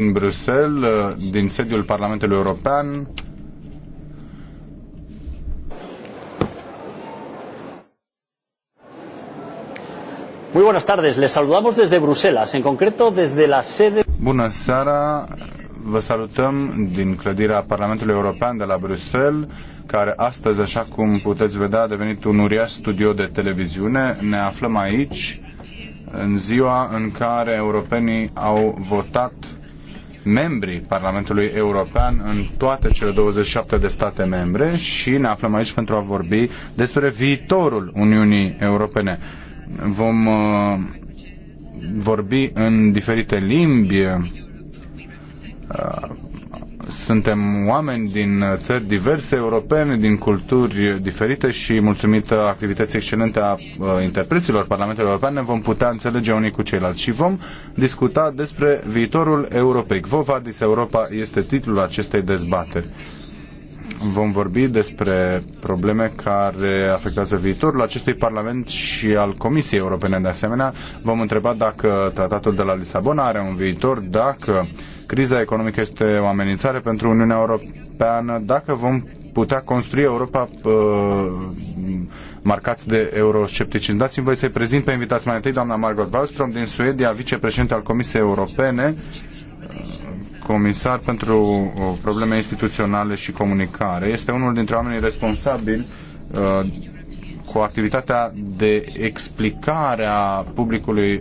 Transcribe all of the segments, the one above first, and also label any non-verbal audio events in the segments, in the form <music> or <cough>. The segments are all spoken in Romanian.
în Bruxelles, uh, din sediul Parlamentului European. Muy buenas tardes, les saludamos desde Bruselas, en concreto desde la sede. Bună seara, vă salutăm din clădirea Parlamentului European de la Bruxelles, care astăzi, așa cum puteți vedea, a devenit un uriaș studio de televiziune. Ne aflăm aici în ziua în care europenii au votat membrii Parlamentului European în toate cele 27 de state membre și ne aflăm aici pentru a vorbi despre viitorul Uniunii Europene. Vom uh, vorbi în diferite limbi. Uh, suntem oameni din țări diverse, europene, din culturi diferite și mulțumită activității excelente a uh, interpreților Parlamentului European ne vom putea înțelege unii cu ceilalți și vom discuta despre viitorul Europei. Quo vadis Europa este titlul acestei dezbateri vom vorbi despre probleme care afectează viitorul acestui Parlament și al Comisiei Europene de asemenea. Vom întreba dacă tratatul de la Lisabona are un viitor, dacă Criza economică este o amenințare pentru Uniunea Europeană dacă vom putea construi Europa uh, marcați de euroscepticism. Dați-mi voi să-i prezint pe invitați mai întâi doamna Margot Wallström din Suedia, vicepreședinte al Comisiei Europene, uh, comisar pentru uh, probleme instituționale și comunicare. Este unul dintre oamenii responsabili uh, cu activitatea de explicare a publicului uh,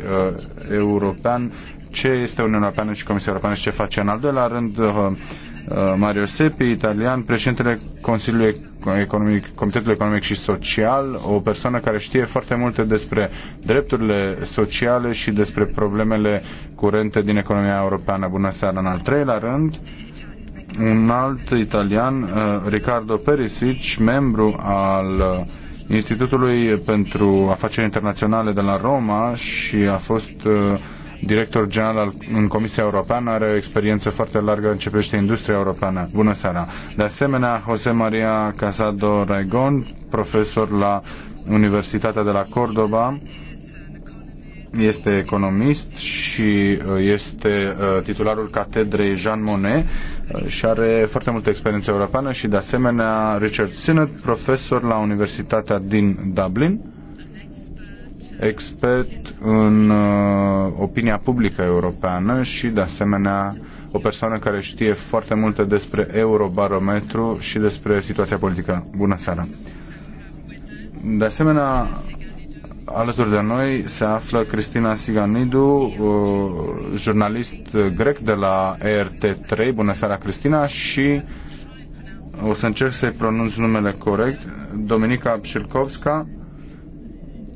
european ce este Uniunea Europeană și Comisia Europeană și ce face. În al doilea rând, uh, uh, Mario Seppi, italian, președintele Consiliului Economic, Comitetului Economic și Social, o persoană care știe foarte multe despre drepturile sociale și despre problemele curente din economia europeană. Bună seara! În al treilea rând, un alt italian, uh, Riccardo Perisic, membru al Institutului pentru Afaceri Internaționale de la Roma și a fost director general în Comisia Europeană, are o experiență foarte largă în ce privește industria europeană. Bună seara! De asemenea, José María Casado Raigón, profesor la Universitatea de la Cordoba, este economist și uh, este uh, titularul catedrei Jean Monnet uh, și are foarte multă experiență europeană și de asemenea Richard Sinnott, profesor la Universitatea din Dublin expert în uh, opinia publică europeană și, de asemenea, o persoană care știe foarte multe despre Eurobarometru și despre situația politică. Bună seara! De asemenea, alături de noi se află Cristina Siganidu, uh, jurnalist grec de la ERT3. Bună seara, Cristina! Și o să încerc să-i pronunț numele corect, Dominica Pșilkovska,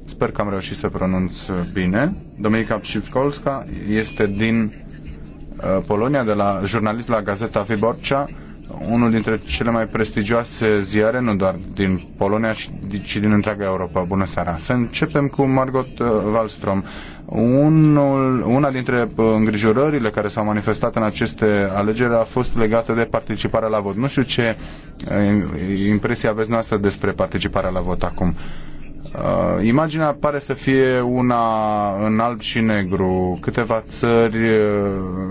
Sper că am reușit să pronunț bine. Dominika Psipkolska este din uh, Polonia, de la jurnalist la Gazeta Wyborcza, unul dintre cele mai prestigioase ziare, nu doar din Polonia, ci din întreaga Europa. Bună seara! Să începem cu Margot uh, Wallström. Unul, una dintre uh, îngrijorările care s-au manifestat în aceste alegeri a fost legată de participarea la vot. Nu știu ce impresie aveți noastră despre participarea la vot acum. Uh, Uh, imaginea pare să fie una în alb și negru. Câteva țări uh,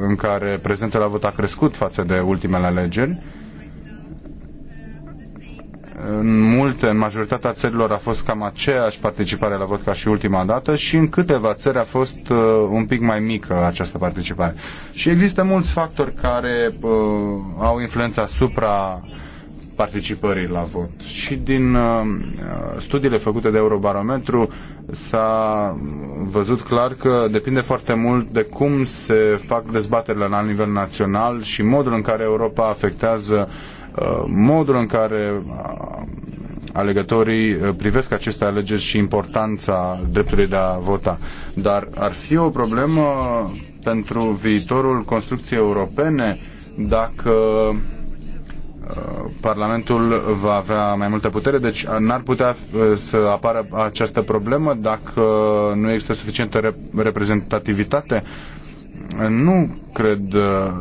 în care prezența la vot a crescut față de ultimele alegeri. În multe, în majoritatea țărilor a fost cam aceeași participare la vot ca și ultima dată și în câteva țări a fost uh, un pic mai mică această participare. Și există mulți factori care uh, au influența asupra uh, participării la vot. Și din uh, uh, studiile făcute de Eurobarometru s-a văzut clar că depinde foarte mult de cum se fac dezbaterile la nivel național și modul în care Europa afectează uh, modul în care alegătorii privesc aceste alegeri și importanța dreptului de a vota. Dar ar fi o problemă pentru viitorul construcției europene dacă Parlamentul va avea mai multă putere, deci n-ar putea uh, să apară această problemă dacă nu există suficientă reprezentativitate. Nu cred. Uh,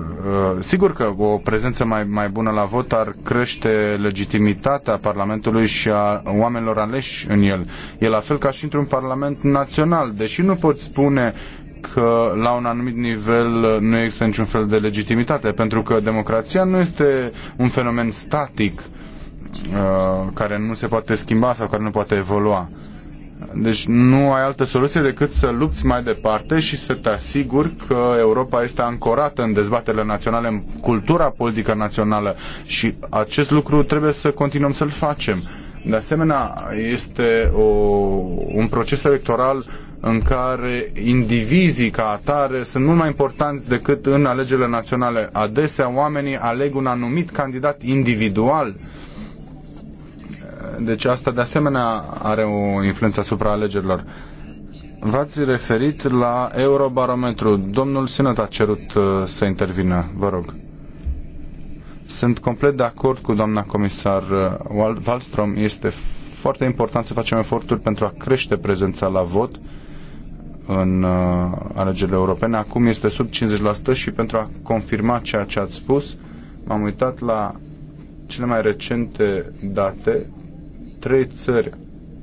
sigur că o prezență mai, mai bună la vot ar crește legitimitatea Parlamentului și a oamenilor aleși în el. E la fel ca și într-un Parlament național. Deși nu pot spune că la un anumit nivel nu există niciun fel de legitimitate, pentru că democrația nu este un fenomen static uh, care nu se poate schimba sau care nu poate evolua. Deci nu ai altă soluție decât să lupți mai departe și să te asiguri că Europa este ancorată în dezbaterile naționale, în cultura politică națională și acest lucru trebuie să continuăm să-l facem. De asemenea, este o, un proces electoral în care indivizii ca atare sunt mult mai importanți decât în alegerile naționale. Adesea oamenii aleg un anumit candidat individual. Deci asta de asemenea are o influență asupra alegerilor. V-ați referit la Eurobarometru. Domnul Sinot a cerut uh, să intervină. Vă rog. Sunt complet de acord cu doamna comisar uh, Wallström. Este foarte important să facem eforturi pentru a crește prezența la vot în uh, alegerile europene. Acum este sub 50% și pentru a confirma ceea ce ați spus, m-am uitat la cele mai recente date. Trei țări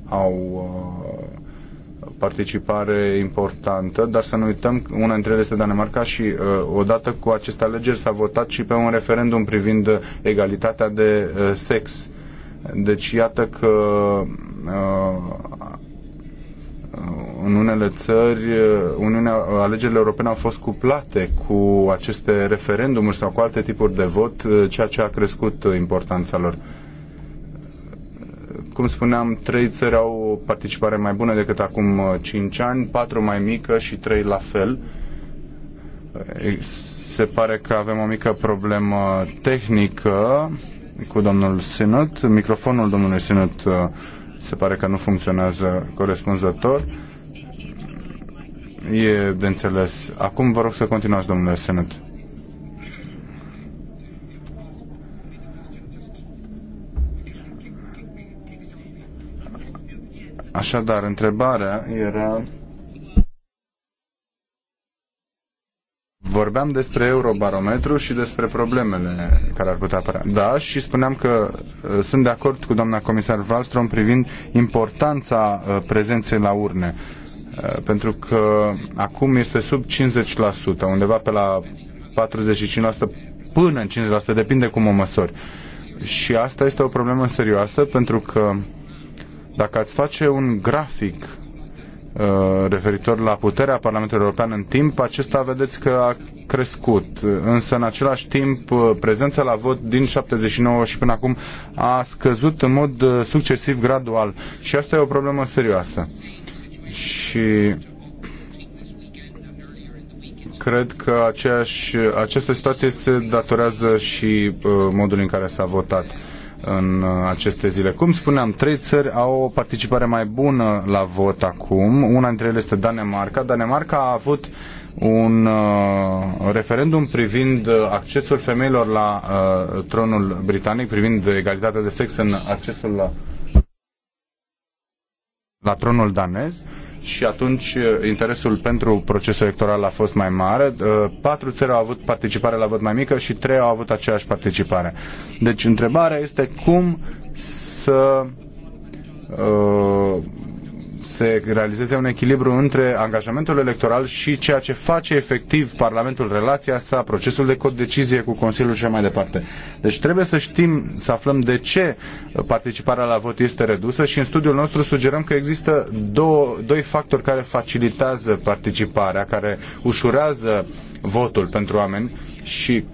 au uh, participare importantă, dar să nu uităm, una dintre ele este Danemarca și uh, odată cu aceste alegeri s-a votat și pe un referendum privind egalitatea de uh, sex. Deci iată că uh, în unele țări Uniunea, alegerile europene au fost cuplate cu aceste referendumuri sau cu alte tipuri de vot, ceea ce a crescut importanța lor. Cum spuneam, trei țări au o participare mai bună decât acum uh, cinci ani, patru mai mică și trei la fel. Se pare că avem o mică problemă tehnică cu domnul Sinot. Microfonul domnului Sinot uh, se pare că nu funcționează corespunzător. E de înțeles. Acum vă rog să continuați, domnule Senet. Așadar, întrebarea era vorbeam despre Eurobarometru și despre problemele care ar putea apărea. Da, și spuneam că uh, sunt de acord cu doamna comisar Wallström privind importanța uh, prezenței la urne. Uh, pentru că acum este sub 50%, undeva pe la 45% până în 50%, depinde cum o măsori. Și asta este o problemă serioasă pentru că dacă ați face un grafic Uh, referitor la puterea Parlamentului European în timp, acesta vedeți că a crescut. Însă, în același timp, uh, prezența la vot din 79 și până acum a scăzut în mod uh, succesiv, gradual. Și asta e o problemă serioasă. Și cred că aceeași, această situație este datorează și modul în care s-a votat în uh, aceste zile. Cum spuneam, trei țări au o participare mai bună la vot acum. Una dintre ele este Danemarca. Danemarca a avut un uh, referendum privind uh, accesul femeilor la uh, tronul britanic, privind egalitatea de sex în accesul la la tronul danez și atunci interesul pentru procesul electoral a fost mai mare. Patru țări au avut participare la vot mai mică și trei au avut aceeași participare. Deci întrebarea este cum să uh, se realizeze un echilibru între angajamentul electoral și ceea ce face efectiv Parlamentul, relația sa, procesul de codecizie cu Consiliul și mai departe. Deci trebuie să știm, să aflăm de ce participarea la vot este redusă și în studiul nostru sugerăm că există două, doi factori care facilitează participarea, care ușurează votul pentru oameni și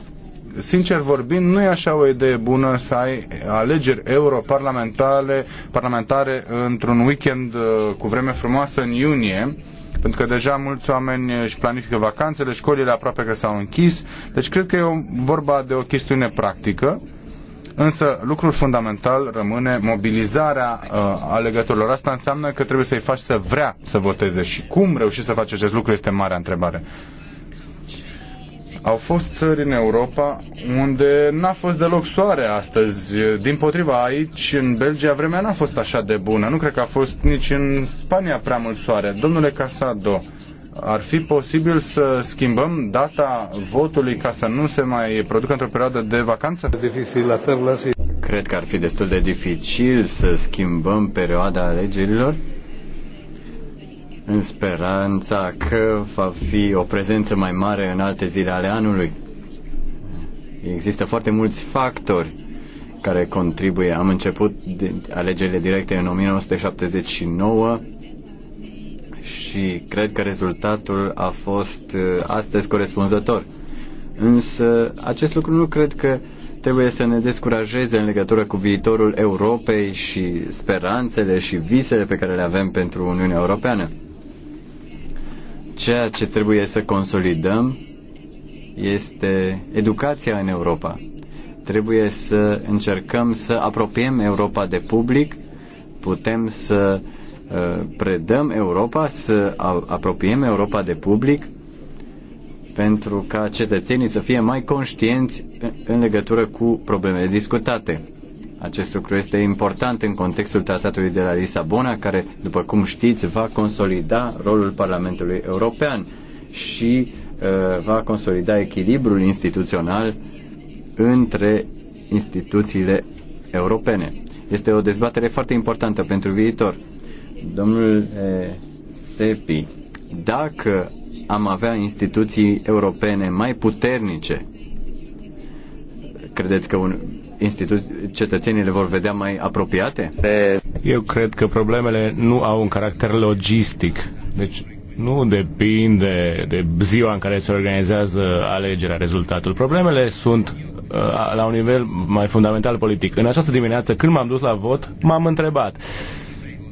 sincer vorbind, nu e așa o idee bună să ai alegeri europarlamentare parlamentare într-un weekend uh, cu vreme frumoasă în iunie, pentru că deja mulți oameni își planifică vacanțele, școlile aproape că s-au închis. Deci cred că e o, vorba de o chestiune practică. Însă lucrul fundamental rămâne mobilizarea uh, alegătorilor. Asta înseamnă că trebuie să-i faci să vrea să voteze și cum reușești să faci acest lucru este marea întrebare. Au fost țări în Europa unde n-a fost deloc soare astăzi. Din potriva, aici, în Belgia, vremea n-a fost așa de bună. Nu cred că a fost nici în Spania prea mult soare. Domnule Casado, ar fi posibil să schimbăm data votului ca să nu se mai producă într-o perioadă de vacanță? Cred că ar fi destul de dificil să schimbăm perioada alegerilor în speranța că va fi o prezență mai mare în alte zile ale anului. Există foarte mulți factori care contribuie. Am început alegerile directe în 1979 și cred că rezultatul a fost uh, astăzi corespunzător. Însă acest lucru nu cred că trebuie să ne descurajeze în legătură cu viitorul Europei și speranțele și visele pe care le avem pentru Uniunea Europeană ceea ce trebuie să consolidăm este educația în Europa. Trebuie să încercăm să apropiem Europa de public, putem să uh, predăm Europa, să apropiem Europa de public pentru ca cetățenii să fie mai conștienți în legătură cu problemele discutate. Acest lucru este important în contextul tratatului de la Lisabona, care, după cum știți, va consolida rolul Parlamentului European și uh, va consolida echilibrul instituțional între instituțiile europene. Este o dezbatere foarte importantă pentru viitor. Domnul eh, Sepi, dacă am avea instituții europene mai puternice, credeți că un, instituții, cetățenii le vor vedea mai apropiate? Eu cred că problemele nu au un caracter logistic. Deci nu depinde de ziua în care se organizează alegerea, rezultatul. Problemele sunt uh, la un nivel mai fundamental politic. În această dimineață, când m-am dus la vot, m-am întrebat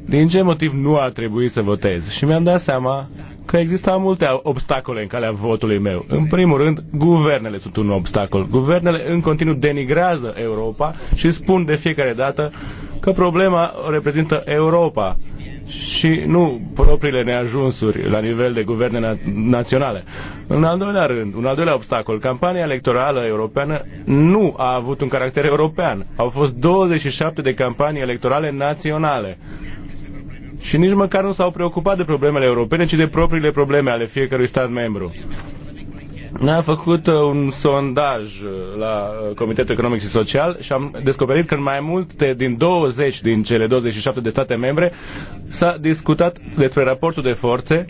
din ce motiv nu ar trebui să votez. Și mi-am dat seama că existau multe obstacole în calea votului meu. În primul rând, guvernele sunt un obstacol. Guvernele în continuu denigrează Europa și spun de fiecare dată că problema reprezintă Europa și nu propriile neajunsuri la nivel de guverne na- naționale. În al doilea rând, un al doilea obstacol, campania electorală europeană nu a avut un caracter european. Au fost 27 de campanii electorale naționale și nici măcar nu s-au preocupat de problemele europene, ci de propriile probleme ale fiecărui stat membru. Noi am făcut uh, un sondaj uh, la uh, Comitetul Economic și Social și am descoperit că în mai multe din 20 din cele 27 de state membre s-a discutat despre raportul de forțe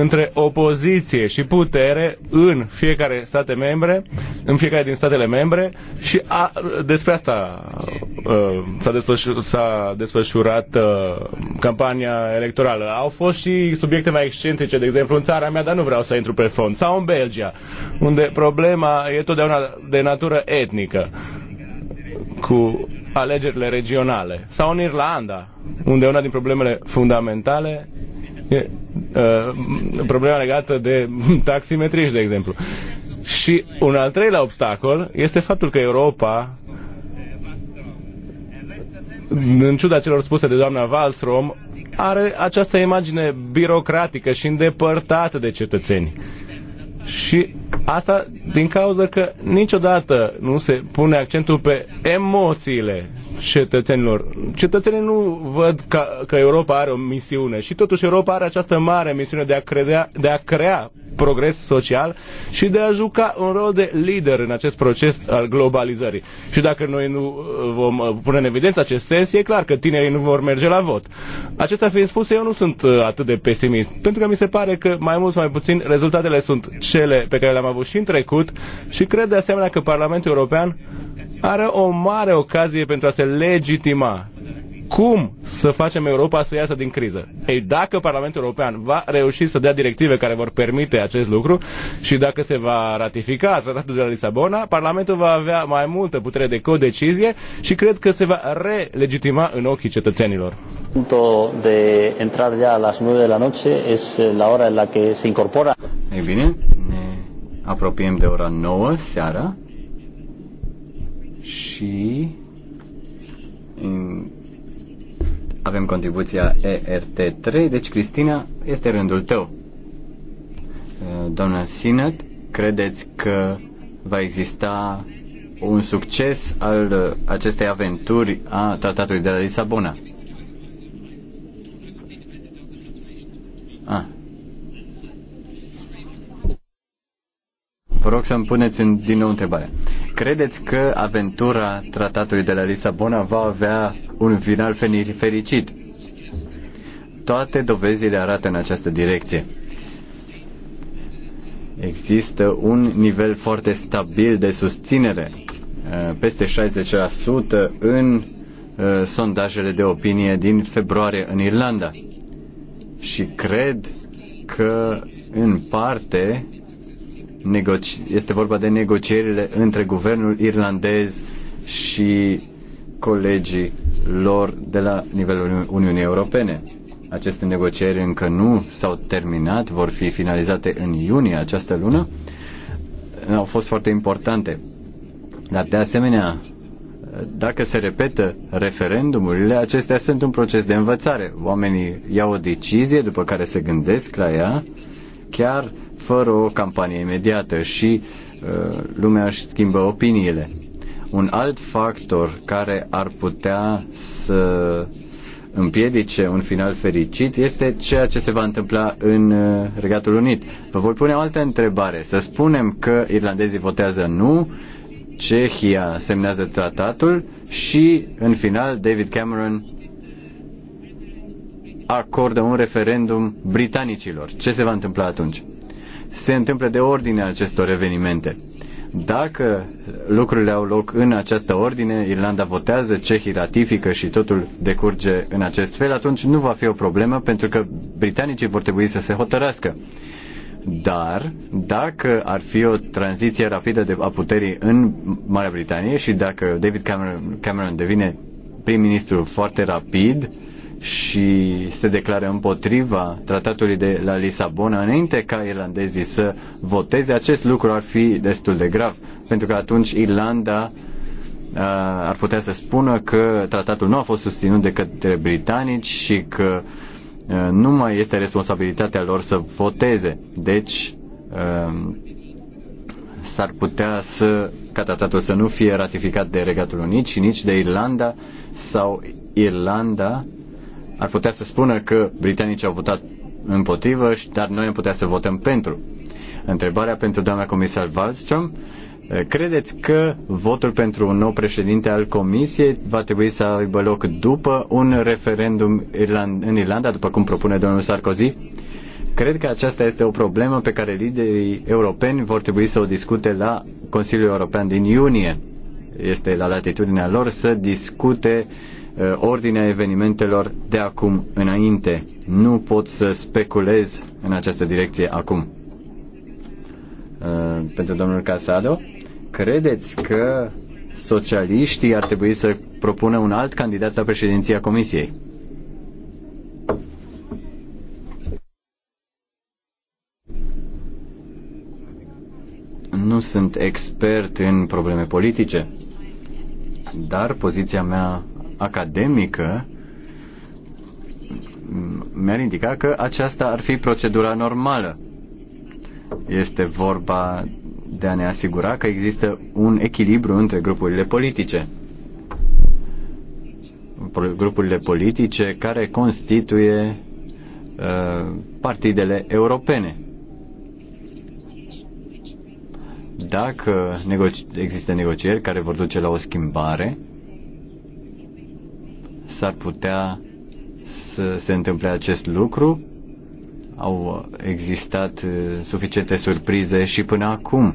între opoziție și putere în fiecare state membre, în fiecare din statele membre și a, despre asta uh, s-a, desfășur, desfășurat uh, campania electorală. Au fost și subiecte mai excentrice, de exemplu în țara mea, dar nu vreau să intru pe fond, sau în Belgia, unde problema e totdeauna de natură etnică cu alegerile regionale, sau în Irlanda, unde una din problemele fundamentale E, uh, problema legată de <laughs> taximetriști, de exemplu. Și un al treilea obstacol este faptul că Europa în ciuda celor spuse de doamna Wallström, are această imagine birocratică și îndepărtată de cetățeni. Și asta din cauza că niciodată nu se pune accentul pe emoțiile cetățenilor. Cetățenii nu văd că, că Europa are o misiune și totuși Europa are această mare misiune de a, credea, de a crea progres social și de a juca un rol de lider în acest proces al globalizării. Și dacă noi nu uh, vom uh, pune în evidență acest sens, e clar că tinerii nu vor merge la vot. Acesta fiind spus, eu nu sunt uh, atât de pesimist, pentru că mi se pare că mai mult sau mai puțin rezultatele sunt cele pe care le-am avut și în trecut și cred de asemenea că Parlamentul European are o mare ocazie pentru a se legitima cum să facem Europa să iasă din criză. Ei, dacă Parlamentul European va reuși să dea directive care vor permite acest lucru și dacă se va ratifica tratatul de la Lisabona, Parlamentul va avea mai multă putere de codecizie și cred că se va relegitima în ochii cetățenilor. Punto de entrar ya a las 9 de la noche es eh, la hora en la que se incorpora. Ei bine, ne apropiem de ora 9 seara și avem contribuția ERT3, deci Cristina, este rândul tău. Uh, doamna Sinat, credeți că va exista un succes al uh, acestei aventuri a tratatului de la Lisabona? Ah, Vă rog să-mi puneți în, din nou întrebarea. Credeți că aventura tratatului de la Lisabona va avea un final fericit? Toate dovezile arată în această direcție. Există un nivel foarte stabil de susținere, uh, peste 60% în uh, sondajele de opinie din februarie în Irlanda. Și cred că, în parte, negoci- este vorba de negocierile între guvernul irlandez și colegii lor de la nivelul Uniunii Europene. Aceste negocieri încă nu s-au terminat, vor fi finalizate în iunie această lună. Au fost foarte importante. Dar de asemenea, dacă se repetă referendumurile, acestea sunt un proces de învățare. Oamenii iau o decizie după care se gândesc la ea chiar fără o campanie imediată și uh, lumea își schimbă opiniile. Un alt factor care ar putea să împiedice un final fericit este ceea ce se va întâmpla în uh, Regatul Unit. Vă voi pune o altă întrebare. Să spunem că irlandezii votează nu, Cehia semnează tratatul și, în final, David Cameron acordă un referendum britanicilor. Ce se va întâmpla atunci? Se întâmplă de ordine acestor evenimente. Dacă lucrurile au loc în această ordine, Irlanda votează, Cehii ratifică și totul decurge în acest fel, atunci nu va fi o problemă pentru că britanicii vor trebui să se hotărască. Dar dacă ar fi o tranziție rapidă de a puterii în Marea Britanie și dacă David Cameron, Cameron devine prim-ministru foarte rapid, uh, și se declară împotriva tratatului de la Lisabona înainte ca irlandezii să voteze, acest lucru ar fi destul de grav, pentru că atunci Irlanda uh, ar putea să spună că tratatul nu a fost susținut de către britanici și că uh, nu mai este responsabilitatea lor să voteze. Deci uh, s-ar putea să, ca tratatul să nu fie ratificat de Regatul Unit și nici de Irlanda sau Irlanda ar putea să spună că britanicii au votat împotrivă, dar noi am putea să votăm pentru. Întrebarea pentru doamna comisar Wallström. Credeți că votul pentru un nou președinte al Comisiei va trebui să aibă loc după un referendum în Irlanda, după cum propune domnul Sarkozy? Cred că aceasta este o problemă pe care liderii europeni vor trebui să o discute la Consiliul European din iunie. Este la latitudinea lor să discute uh, Uh, ordinea evenimentelor de acum înainte. Nu pot să speculez în această direcție acum. Uh, pentru domnul Casado, credeți că socialiștii ar trebui să propună un alt candidat la președinția Comisiei? Nu sunt expert în probleme politice, dar poziția mea academică mi-ar indica că aceasta ar fi procedura normală. Este vorba de a ne asigura că există un echilibru între grupurile politice. Grupurile politice care constituie uh, partidele europene. Dacă nego- există negocieri care vor duce la o schimbare, uh, s-ar putea să se întâmple acest lucru. Au existat uh, suficiente surprize și până acum.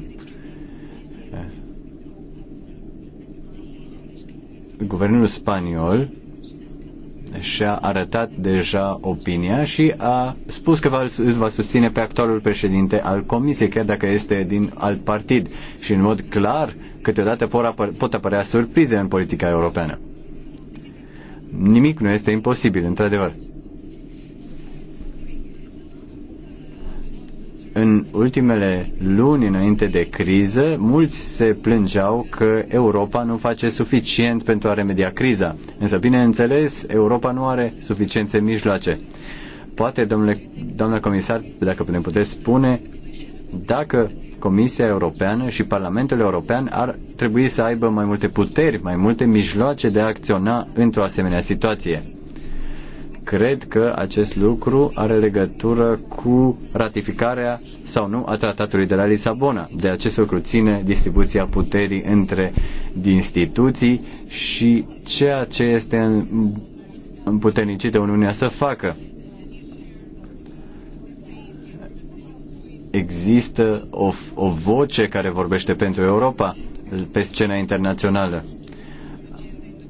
Guvernul spaniol și-a arătat deja opinia și a spus că va, va susține pe actualul președinte al comisiei, chiar dacă este din alt partid. Și în mod clar, câteodată pot, apăr- pot apărea surprize în politica europeană. Nimic nu este imposibil, într-adevăr. În ultimele luni înainte de criză, mulți se plângeau că Europa nu face suficient pentru a remedia criza. Însă, bineînțeles, Europa nu are suficiențe mijloace. Poate, domnule, doamna comisar, dacă ne puteți spune, dacă Comisia Europeană și Parlamentul European ar trebui să aibă mai multe puteri, mai multe mijloace de a acționa într-o asemenea situație. Cred că acest lucru are legătură cu ratificarea sau nu a tratatului de la Lisabona. De acest lucru ține distribuția puterii între instituții și ceea ce este împuternicită Uniunea să facă există o, o voce care vorbește pentru Europa pe scena internațională.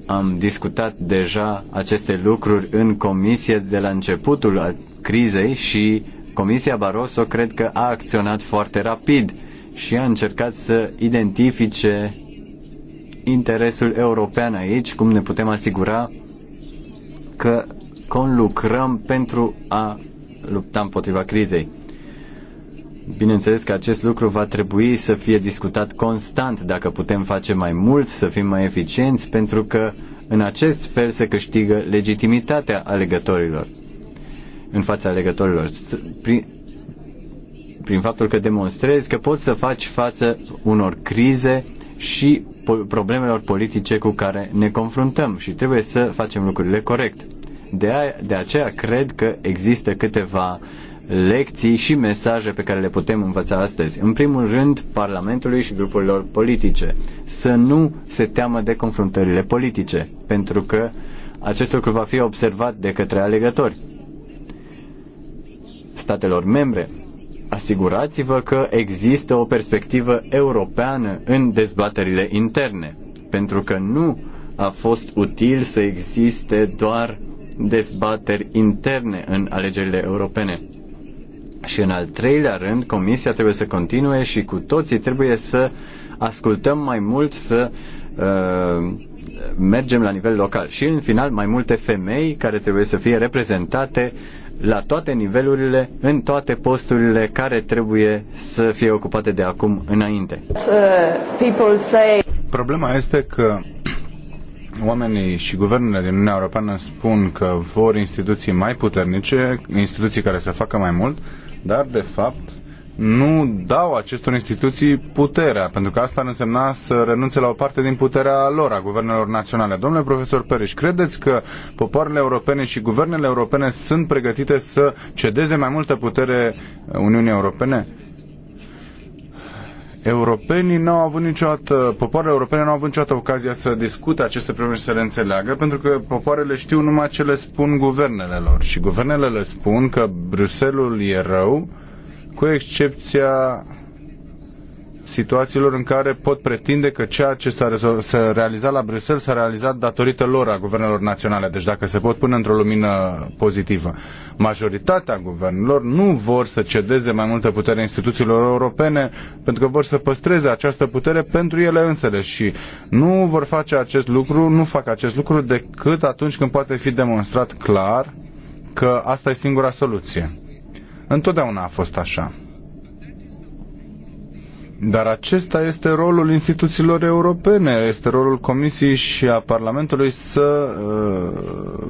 Am discutat deja aceste lucruri în comisie de la începutul crizei și Comisia Barroso cred că a acționat foarte rapid și a încercat să identifice interesul european aici, cum ne putem asigura că conlucrăm pentru a lupta împotriva crizei. Bineînțeles că acest lucru va trebui să fie discutat constant dacă putem face mai mult, să fim mai eficienți, pentru că în acest fel se câștigă legitimitatea alegătorilor. În fața alegătorilor. Prin, prin faptul că demonstrezi că poți să faci față unor crize și problemelor politice cu care ne confruntăm și trebuie să facem lucrurile corect. De, a, de aceea cred că există câteva lecții și mesaje pe care le putem învăța astăzi. În primul rând, Parlamentului și grupurilor politice. Să nu se teamă de confruntările politice, pentru că acest lucru va fi observat de către alegători statelor membre. Asigurați-vă că există o perspectivă europeană în dezbaterile interne, pentru că nu a fost util să existe doar dezbateri interne în alegerile europene. Și în al treilea rând, comisia trebuie să continue și cu toții trebuie să ascultăm mai mult, să uh, mergem la nivel local. Și în final, mai multe femei care trebuie să fie reprezentate la toate nivelurile, în toate posturile care trebuie să fie ocupate de acum înainte. Uh, Problema este că oamenii și guvernele din Uniunea Europeană spun că vor instituții mai puternice, instituții care să facă mai mult, dar de fapt nu dau acestor instituții puterea, pentru că asta ar însemna să renunțe la o parte din puterea lor, a guvernelor naționale. Domnule profesor Periș, credeți că popoarele europene și guvernele europene sunt pregătite să cedeze mai multă putere Uniunii Europene? europenii n-au avut niciodată, popoarele europene n-au avut niciodată ocazia să discute aceste probleme și să le înțeleagă, pentru că popoarele știu numai ce le spun guvernele lor. Și guvernele le spun că Bruselul e rău, cu excepția situațiilor în care pot pretinde că ceea ce s-a, realizat la Bruxelles s-a realizat datorită lor a guvernelor naționale. Deci dacă se pot pune într-o lumină pozitivă. Majoritatea guvernelor nu vor să cedeze mai multă putere instituțiilor europene pentru că vor să păstreze această putere pentru ele însele și nu vor face acest lucru, nu fac acest lucru decât atunci când poate fi demonstrat clar că asta e singura soluție. Întotdeauna a fost așa. Dar acesta este rolul instituțiilor europene, este rolul Comisiei și a Parlamentului să uh,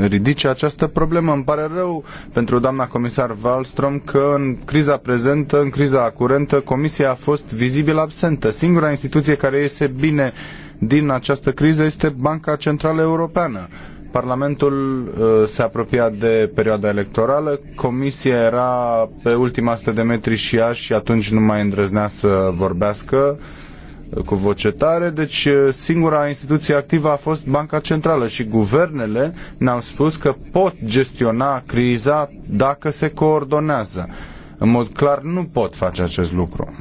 ridice această problemă. Îmi pare rău pentru doamna comisar Wallström că în criza prezentă, în criza curentă, Comisia a fost vizibil absentă. Singura instituție care iese bine din această criză este Banca Centrală Europeană Parlamentul uh, se apropia de perioada electorală, Comisia era pe ultima asta de metri și ea și atunci nu mai îndrăznea să vorbească uh, cu voce tare, deci uh, singura instituție activă a fost Banca Centrală și guvernele ne-au spus că pot gestiona criza dacă se coordonează. În mod clar nu pot face acest lucru.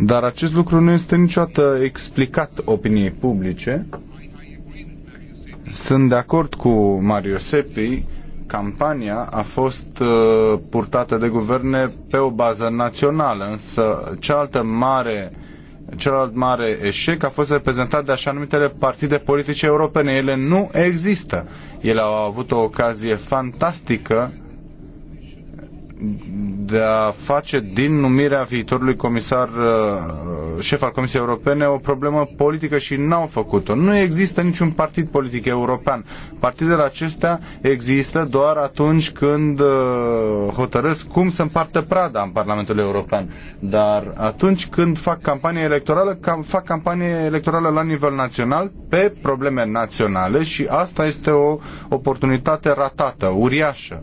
Dar acest lucru nu este niciodată explicat opiniei publice sunt de acord cu Mario Seppi, campania a fost uh, purtată de guverne pe o bază națională, însă cealaltă mare celălalt mare eșec a fost reprezentat de așa numitele partide politice europene. Ele nu există. Ele au avut o ocazie fantastică de a face din numirea viitorului comisar uh, șef al Comisiei Europene o problemă politică și n-au făcut-o. Nu există niciun partid politic european. Partidele acestea există doar atunci când uh, hotărăsc cum să împartă prada în Parlamentul European. Dar atunci când fac campanie electorală, fac campanie electorală la nivel național pe probleme naționale și asta este o oportunitate ratată, uriașă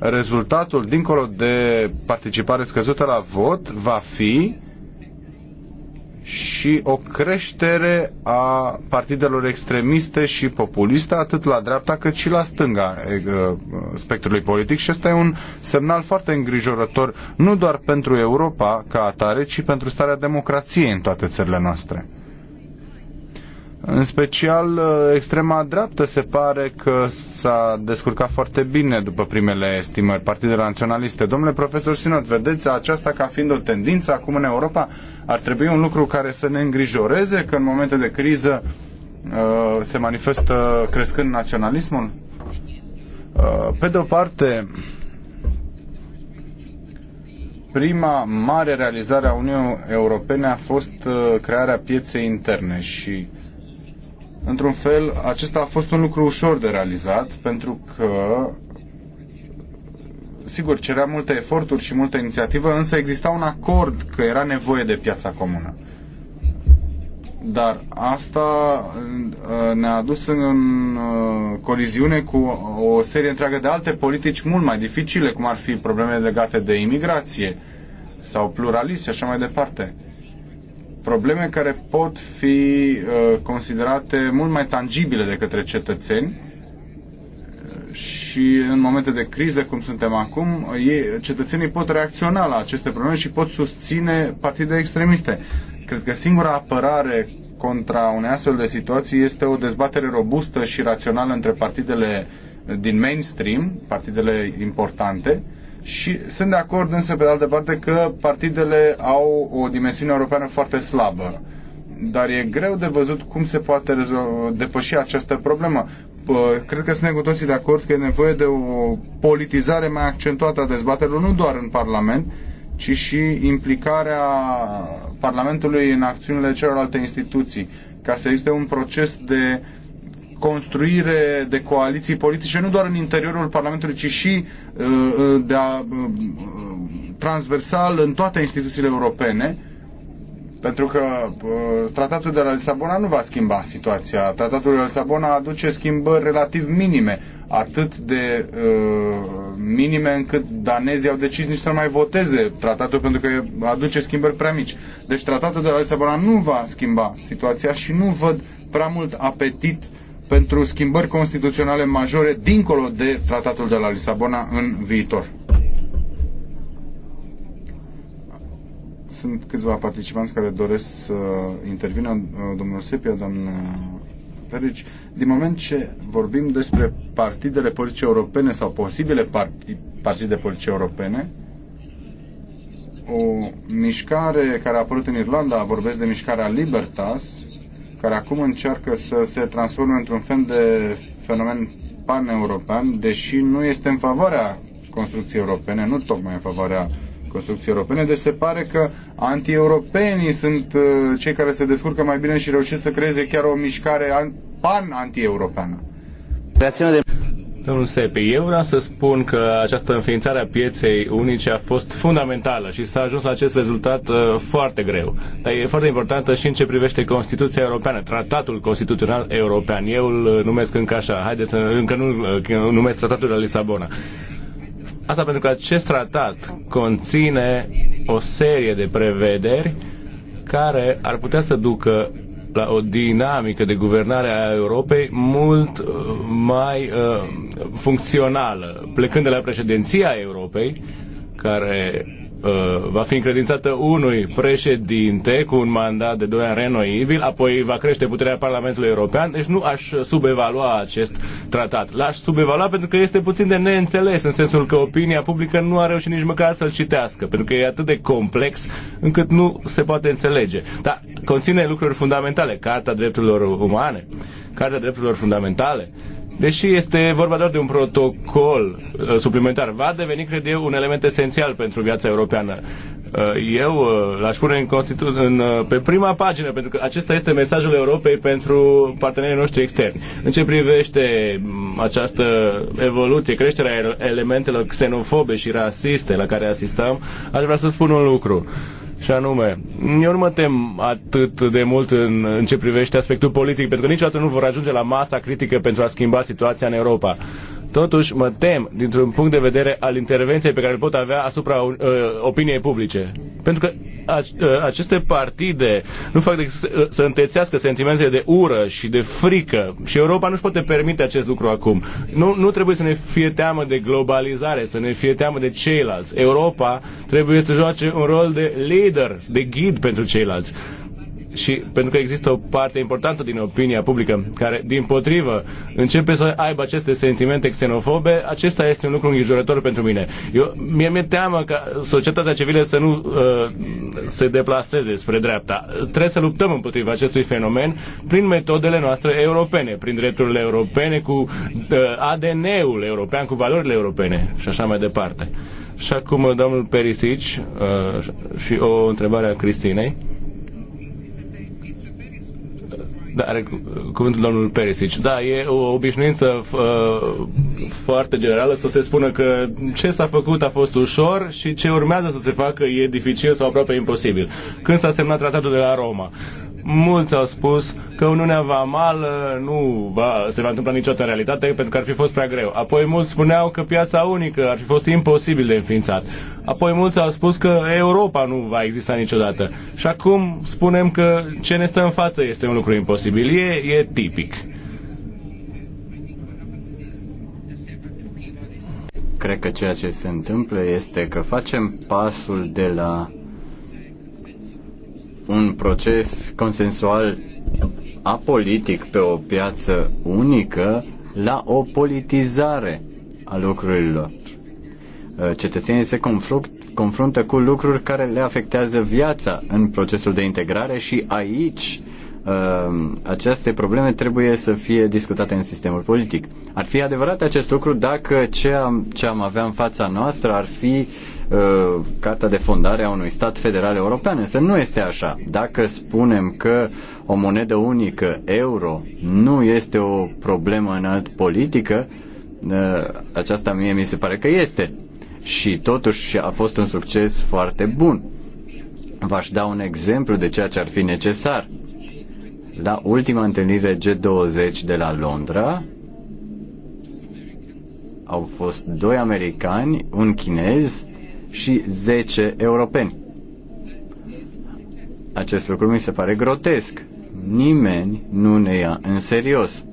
rezultatul, dincolo de participare scăzută la vot, va fi și o creștere a partidelor extremiste și populiste, atât la dreapta cât și la stânga spectrului politic și ăsta e un semnal foarte îngrijorător, nu doar pentru Europa ca atare, ci pentru starea democrației în toate țările noastre. În special, uh, extrema dreaptă se pare că s-a descurcat foarte bine după primele estimări, partidele naționaliste. Domnule profesor Sinot, vedeți aceasta ca fiind o tendință acum în Europa? Ar trebui un lucru care să ne îngrijoreze că în momente de criză uh, se manifestă crescând naționalismul? Uh, pe de o parte, prima mare realizare a Uniunii Europene a fost crearea pieței interne și într-un fel, acesta a fost un lucru ușor de realizat, pentru că, sigur, cerea multe eforturi și multă inițiativă, însă exista un acord că era nevoie de piața comună. Dar asta uh, ne-a adus în uh, coliziune cu o serie întreagă de alte politici mult mai dificile, cum ar fi problemele legate de imigrație sau pluralism și așa mai departe probleme care pot fi uh, considerate mult mai tangibile de către cetățeni și în momente de criză, cum suntem acum, ei, cetățenii pot reacționa la aceste probleme și pot susține partide extremiste. Cred că singura apărare contra unei astfel de situații este o dezbatere robustă și rațională între partidele din mainstream, partidele importante, și sunt de acord însă, pe de altă parte, că partidele au o dimensiune europeană foarte slabă. Dar e greu de văzut cum se poate depăși această problemă. Cred că suntem cu toții de acord că e nevoie de o politizare mai accentuată a dezbaterilor, nu doar în Parlament, ci și implicarea Parlamentului în acțiunile celorlalte instituții, ca să existe un proces de construire de coaliții politice nu doar în interiorul Parlamentului, ci și uh, uh, de a, uh, transversal în toate instituțiile europene, pentru că tratatul de la Lisabona nu va schimba situația. Tratatul de la Lisabona aduce schimbări relativ minime, atât de minime încât danezii au decis nici să nu mai voteze tratatul pentru că aduce schimbări prea mici. Deci tratatul de la Lisabona nu va schimba situația și nu văd prea mult apetit uh, pentru schimbări constituționale majore dincolo de tratatul de la Lisabona în viitor. Sunt câțiva participanți care doresc să intervină, domnul Sepia, doamna Perici. Din moment ce vorbim despre partidele politice europene sau posibile parti, partide politice europene, o mișcare care a apărut în Irlanda, vorbesc de mișcarea Libertas, care acum încearcă să se transforme într-un fel de fenomen pan-european, deși nu este în favoarea construcției europene, nu tocmai în favoarea construcției europene, deci se pare că anti anti-europenii sunt uh, cei care se descurcă mai bine și reușesc să creeze chiar o mișcare pan anti europeană Domnul Sepe, eu vreau să spun că această înființare a pieței unice a fost fundamentală și s-a ajuns la acest rezultat uh, foarte greu. Dar e foarte importantă și în ce privește Constituția Europeană, Tratatul Constituțional European. Eu îl uh, numesc încă așa, haideți, încă uh, nu numesc Tratatul de la Lisabona. Asta pentru că acest tratat conține o serie de prevederi care ar putea să ducă la o dinamică de guvernare a Europei mult uh, mai uh, funcțională, plecând de la președinția Europei, care Uh, va fi încredințată unui președinte cu un mandat de doi ani renoibil, apoi va crește puterea Parlamentului European, deci nu aș subevalua acest tratat. L-aș subevalua pentru că este puțin de neînțeles, în sensul că opinia publică nu a reușit nici măcar să-l citească, pentru că e atât de complex încât nu se poate înțelege. Dar conține lucruri fundamentale, Carta Drepturilor Umane, Carta Drepturilor Fundamentale, Deși este vorba doar de un protocol uh, suplimentar, va deveni, cred eu, un element esențial pentru viața europeană. Uh, eu uh, l-aș pune în Constitu- în, uh, pe prima pagină, pentru că acesta este mesajul Europei pentru partenerii noștri externi. În ce privește mm, această evoluție, creșterea elementelor xenofobe și rasiste la care asistăm, aș vrea să spun un lucru. Uh, și anume, eu nu mă tem atât de mult în, în ce privește aspectul politic, pentru că niciodată nu vor ajunge la masa critică pentru a schimba situația în Europa. Totuși, mă tem, dintr-un punct de vedere al intervenției pe care îl pot avea asupra uh, opiniei publice. Pentru că uh, aceste partide nu fac decât uh, să întețească sentimentele de ură și de frică și Europa nu-și poate permite acest lucru acum. Nu, nu trebuie să ne fie teamă de globalizare, să ne fie teamă de ceilalți. Europa trebuie să joace un rol de lider, de ghid pentru ceilalți și pentru că există o parte importantă din opinia publică care, din potrivă, începe să aibă aceste sentimente xenofobe, acesta este un lucru îngrijorător pentru mine. Eu, mie mi-e teamă ca societatea civilă să nu uh, se deplaseze spre dreapta. Trebuie să luptăm împotriva acestui fenomen prin metodele noastre europene, prin drepturile europene, cu uh, ADN-ul european, cu valorile europene și așa mai departe. Și acum domnul Perisici uh, și o întrebare a Cristinei. Da, are cuvântul domnul Perisic. Da, e o obișnuință ă, foarte generală să se spună că ce s-a făcut a fost ușor și ce urmează să se facă e dificil sau aproape imposibil. Când s-a semnat tratatul de la Roma, Mulți au spus că Uniunea Vamală nu va, se va întâmpla niciodată în realitate pentru că ar fi fost prea greu. Apoi mulți spuneau că piața unică ar fi fost imposibil de înființat. Apoi mulți au spus că Europa nu va exista niciodată. Și acum spunem că ce ne stă în față este un lucru imposibil. E, e tipic. Cred că ceea ce se întâmplă este că facem pasul de la un proces consensual apolitic pe o piață unică la o politizare a lucrurilor. Uh, cetățenii se confruntă cu lucruri care le afectează viața în procesul de integrare și aici uh, Ehm, aceste probleme trebuie să fie discutate în sistemul politic. Ar fi adevărat acest lucru dacă ce am, ce am avea în fața noastră ar fi uh, carta de fondare a unui stat federal european, însă nu este așa. Dacă spunem că o monedă unică, euro, nu este o problemă în alt politică, uh, aceasta mie mi se pare că este. Și totuși a fost un succes foarte bun. V-aș da un exemplu de ceea ce ar fi necesar. Uh, la ultima întâlnire G20 de la Londra au fost doi americani, un chinez și 10 europeni. Acest lucru mi se pare grotesc. Nimeni nu ne ia în serios.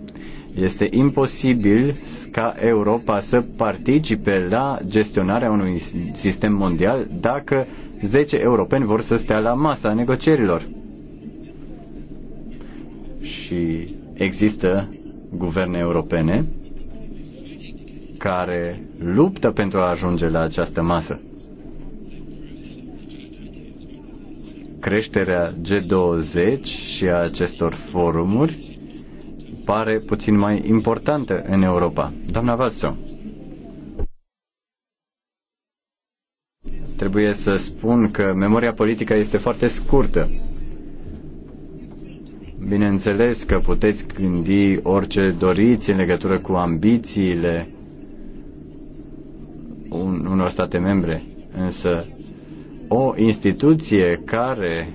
Este imposibil ca Europa să participe la gestionarea unui sistem mondial dacă 10 europeni vor să stea la masa negocierilor și există guverne europene care luptă pentru a ajunge la această masă. Creșterea G20 și a acestor forumuri pare puțin mai importantă în Europa. Doamna Wallström, trebuie să spun că memoria politică este foarte scurtă Bineînțeles că puteți gândi orice doriți în legătură cu ambițiile unor state membre, însă o instituție care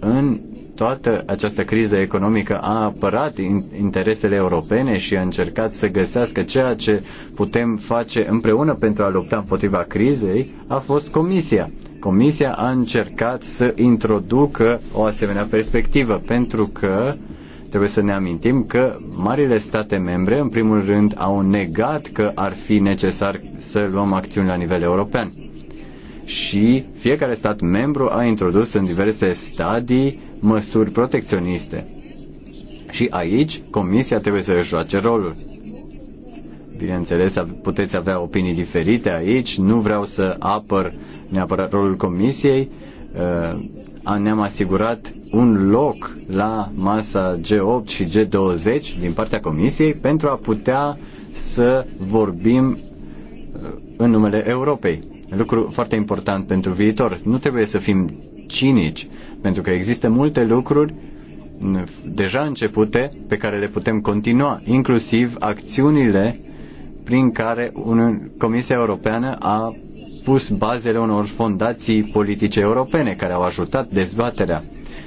în toată această criză economică a apărat interesele europene și a încercat să găsească ceea ce putem face împreună pentru a lupta împotriva crizei, a fost Comisia. Comisia a încercat să introducă o asemenea perspectivă, pentru că trebuie să ne amintim că marile state membre, în primul rând, au negat că ar fi necesar să luăm acțiuni la nivel european și fiecare stat membru a introdus în diverse stadii măsuri protecționiste. Și aici Comisia trebuie să își joace rolul. Bineînțeles, puteți avea opinii diferite aici, nu vreau să apăr neapărat rolul Comisiei. Uh, ne-am asigurat un loc la masa G8 și G20 din partea Comisiei pentru a putea să vorbim uh, în numele Europei. Lucru foarte important pentru viitor. Nu trebuie să fim cinici. Pentru că există multe lucruri deja începute pe care le putem continua, inclusiv acțiunile prin care Comisia Europeană a pus bazele unor fondații politice europene care au ajutat dezbaterea.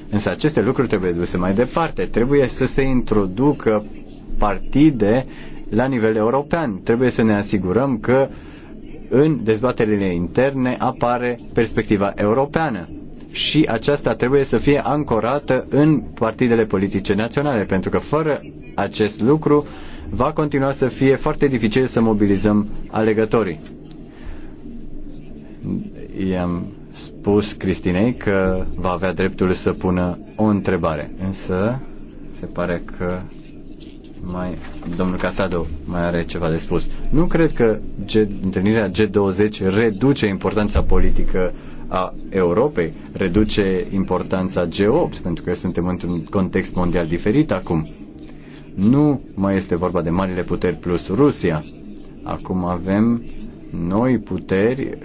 Însă aceste lucruri trebuie duse mai departe. Trebuie să se introducă partide la nivel european. Trebuie să ne asigurăm că în dezbaterile interne apare perspectiva europeană și aceasta trebuie să fie ancorată în partidele politice naționale, pentru că fără acest lucru va continua să fie foarte dificil să mobilizăm alegătorii. I-am spus Cristinei că va avea dreptul să pună o întrebare, însă se pare că mai, domnul Casado mai are ceva de spus. Nu cred că G, întâlnirea G20 reduce importanța politică a Europei, reduce importanța G8, pentru că suntem într-un context mondial diferit acum. Nu mai este vorba de marile puteri plus Rusia. Acum avem noi puteri,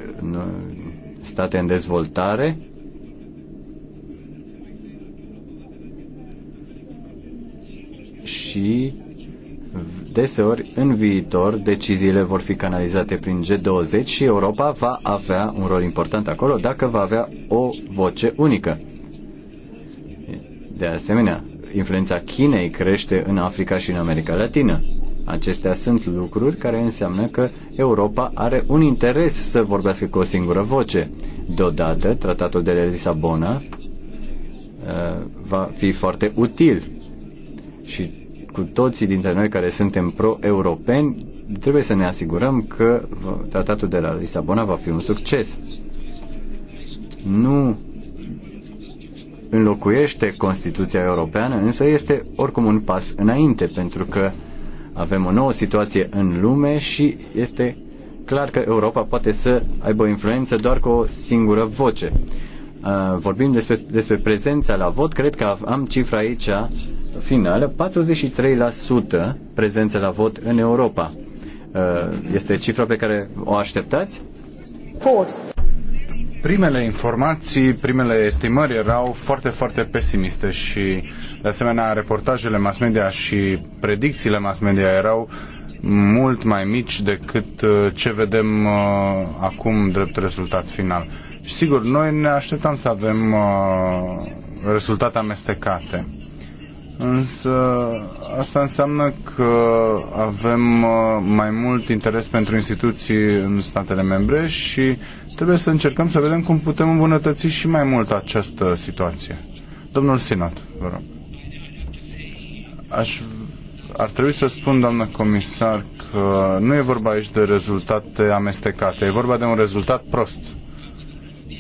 state în dezvoltare, și Deseori, în viitor, deciziile vor fi canalizate prin G20 și Europa va avea un rol important acolo dacă va avea o voce unică. De asemenea, influența Chinei crește în Africa și în America Latină. Acestea sunt lucruri care înseamnă că Europa are un interes să vorbească cu o singură voce. Deodată, tratatul de la Lisabona uh, va fi foarte util și cu toții dintre noi care suntem pro-europeni, trebuie să ne asigurăm că tratatul de la Lisabona va fi un succes. Nu înlocuiește Constituția Europeană, însă este oricum un pas înainte, pentru că avem o nouă situație în lume și este clar că Europa poate să aibă influență doar cu o singură voce. Uh, vorbim despre, despre prezența la vot, cred că am cifra aici finală 43% prezență la vot în Europa. Uh, este cifra pe care o așteptați? Curs. Primele informații, primele estimări erau foarte, foarte pesimiste și, de asemenea, reportajele mass media și predicțiile mass media erau mult mai mici decât uh, ce vedem uh, acum drept rezultat final. Și, sigur, noi ne așteptam să avem rezultate amestecate Însă asta înseamnă că avem uh, mai mult interes pentru instituții în statele membre și trebuie să încercăm să vedem cum putem îmbunătăți și mai mult această situație. Domnul Sinat, vă rog. Aș, ar trebui să spun, doamnă comisar, că nu e vorba aici de rezultate amestecate, e vorba de un rezultat prost.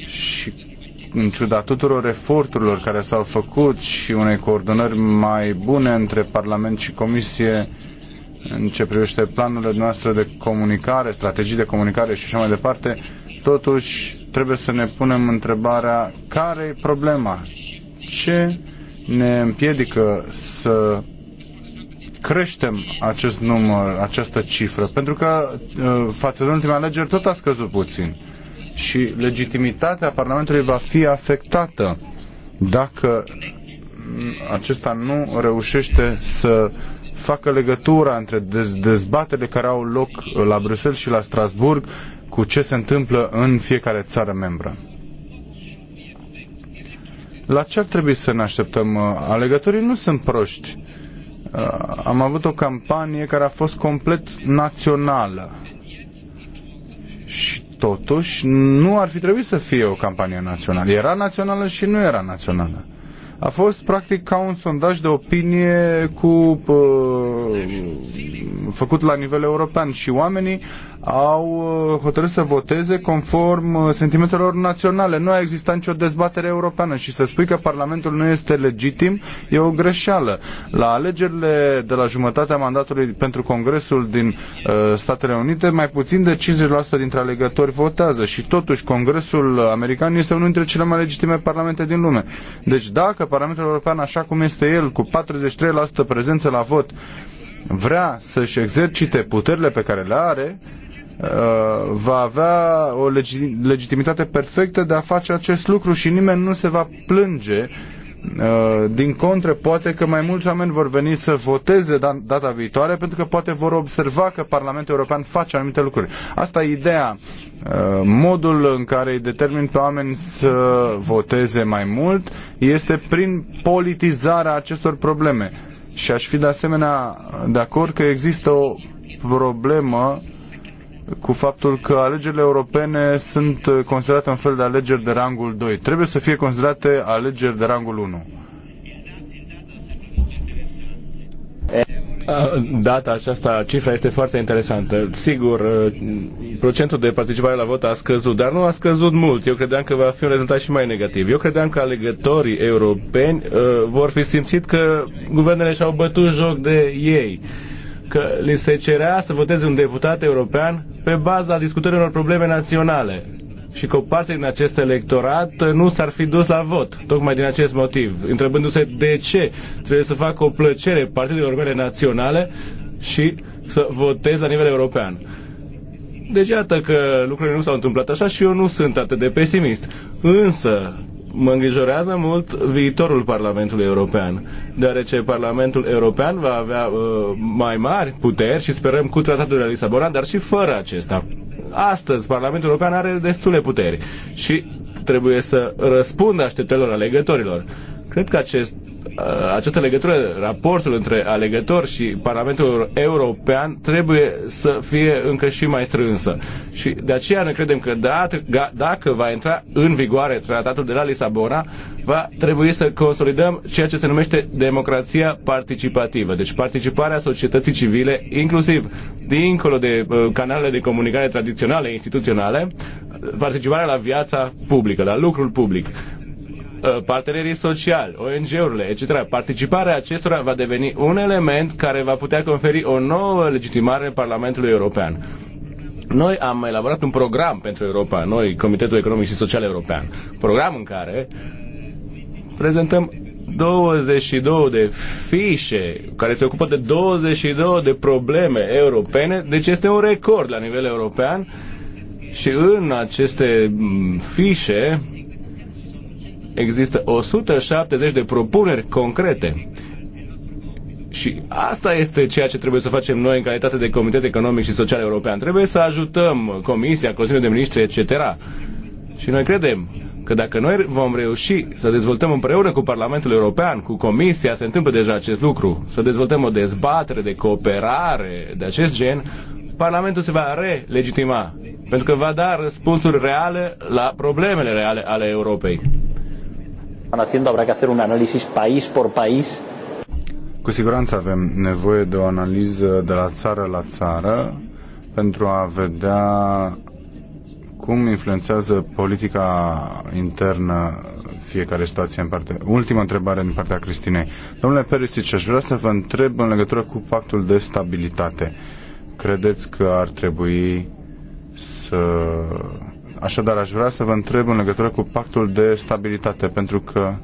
Și în ciuda tuturor eforturilor care s-au făcut și unei coordonări mai bune între Parlament și Comisie în ce privește planurile noastre de comunicare, strategii de comunicare și așa mai departe, totuși trebuie să ne punem întrebarea care e problema? Ce ne împiedică să creștem acest număr, această cifră? Pentru că uh, față de ultimele alegeri tot a scăzut puțin și legitimitatea Parlamentului va fi afectată dacă acesta nu reușește să facă legătura între dez- dezbatele care au loc la Bruxelles și la Strasburg cu ce se întâmplă în fiecare țară membră. La ce ar trebui să ne așteptăm? Alegătorii nu sunt proști. Uh, am avut o campanie care a fost complet națională. Și totuși nu ar fi trebuit să fie o campanie națională. Era națională și nu era națională. A fost practic ca un sondaj de opinie cu, făcut la nivel european și oamenii au uh, hotărât să voteze conform uh, sentimentelor naționale. Nu a existat nicio dezbatere europeană și să spui că Parlamentul nu este legitim e o greșeală. La alegerile de la jumătatea mandatului pentru Congresul din uh, Statele Unite, mai puțin de 50% dintre alegători votează și totuși Congresul american este unul dintre cele mai legitime parlamente din lume. Deci dacă Parlamentul European așa cum este el, cu 43% prezență la vot, vrea să-și exercite puterile pe care le are, uh, va avea o legitimitate perfectă de a face acest lucru și nimeni nu se va plânge Uh, din contră, poate că mai mulți oameni vor veni să voteze data viitoare pentru că poate vor observa că Parlamentul European face anumite lucruri. Asta e ideea. Uh, modul în care îi determin pe oameni să voteze mai mult este prin politizarea acestor probleme. Și aș fi de asemenea de acord că există o problemă uh, cu faptul că alegerile europene sunt uh, considerate un fel de alegeri de rangul 2. Trebuie să fie considerate alegeri de rangul 1. Data aceasta, cifra este foarte interesantă. Sigur, uh, procentul de participare la vot a scăzut, dar nu a scăzut mult. Eu credeam că va fi un rezultat și mai negativ. Eu credeam că alegătorii europeni uh, vor fi simțit că guvernele și-au bătut joc de ei. Uh, că li se cerea să voteze un deputat european pe baza discutărilor probleme naționale și că o parte din acest electorat nu s-ar fi dus la vot, tocmai din acest motiv, întrebându-se de ce trebuie să facă o plăcere partidelor mele naționale și să votez la nivel european. Deci iată că lucrurile nu s-au întâmplat așa și eu nu sunt atât de pesimist. Însă, mă îngrijorează mult viitorul Parlamentului European, deoarece Parlamentul European va avea uh, mai mari puteri și sperăm cu tratatul de Lisabona, dar și fără acesta. Astăzi Parlamentul European are destule puteri și trebuie să răspundă așteptărilor alegătorilor. Cred că acest Uh, această legătură, raportul între alegător și Parlamentul European trebuie să fie încă și mai strânsă. Și de aceea ne credem că dacă va intra în vigoare tratatul de la Lisabona, va trebui să consolidăm ceea ce se numește democrația participativă, deci participarea societății civile, inclusiv dincolo de uh, canalele de comunicare tradiționale, instituționale, participarea la viața publică, la lucrul public. Uh, partenerii sociali, ONG-urile, etc. Participarea acestora va deveni un element care va putea conferi o nouă legitimare Parlamentului European. Noi am elaborat un program pentru Europa, noi, Comitetul Economic și Social European, program în care prezentăm 22 de fișe care se ocupă de 22 de probleme europene, deci este un record la nivel european și în aceste mm, fișe există 170 de propuneri concrete. Și asta este ceea ce trebuie să facem noi în calitate de Comitet Economic și Social European. Trebuie să ajutăm Comisia, Consiliul de Ministri, etc. Și noi credem că dacă noi vom reuși să dezvoltăm împreună cu Parlamentul European, cu Comisia, se întâmplă deja acest lucru, să dezvoltăm o dezbatere de cooperare de acest gen, Parlamentul se va relegitima, pentru că va da răspunsuri reale la problemele reale ale Europei van haciendo habrá que hacer un análisis país por país. Cu siguranță avem nevoie de o analiză de la țară la țară pentru a vedea cum influențează politica internă fiecare situație în parte. Ultima întrebare din partea Cristinei. Domnule Perisic, aș vrea să vă întreb în legătură cu pactul de stabilitate. Credeți că ar trebui să Așadar, aș vrea să vă întreb în legătură cu pactul de stabilitate, pentru că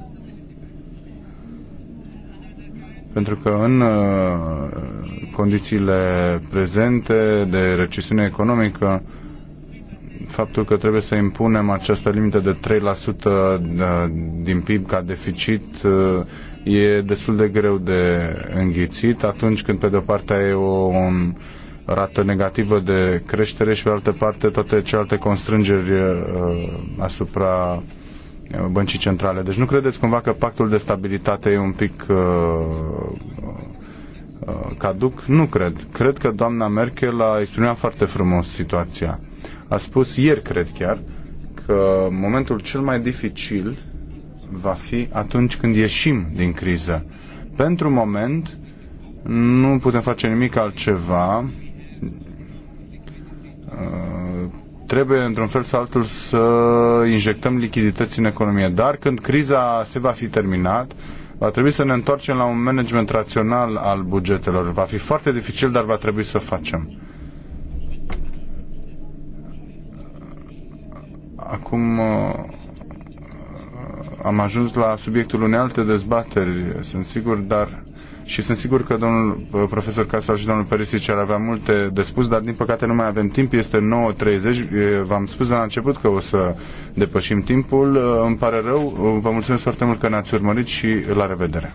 pentru că în uh, condițiile prezente de recesiune economică, faptul că trebuie să impunem această limită de 3% uh, din PIB ca deficit uh, e destul de greu de înghițit atunci când pe de-o parte e o, un, rată negativă de creștere și pe altă parte toate celelalte constrângeri uh, asupra uh, băncii centrale. Deci nu credeți cumva că pactul de stabilitate e un pic uh, caduc? Nu cred. Cred că doamna Merkel a exprimat foarte frumos situația. A spus ieri, cred chiar, că momentul cel mai dificil va fi atunci când ieșim din criză. Pentru moment nu putem face nimic altceva trebuie într-un fel sau altul să injectăm lichidități în economie. Dar când criza se va fi terminat, va trebui să ne întoarcem la un management rațional al bugetelor. Va fi foarte dificil, dar va trebui să facem. Acum uh, am ajuns la subiectul unei alte dezbateri, sunt sigur, dar și sunt sigur că domnul uh, profesor Casal și domnul Perisic ar avea multe de spus, dar din păcate nu mai avem timp, este 9.30, v-am spus de la început că o să depășim timpul, uh, îmi pare rău, uh, vă mulțumesc foarte mult că ne-ați urmărit și la revedere.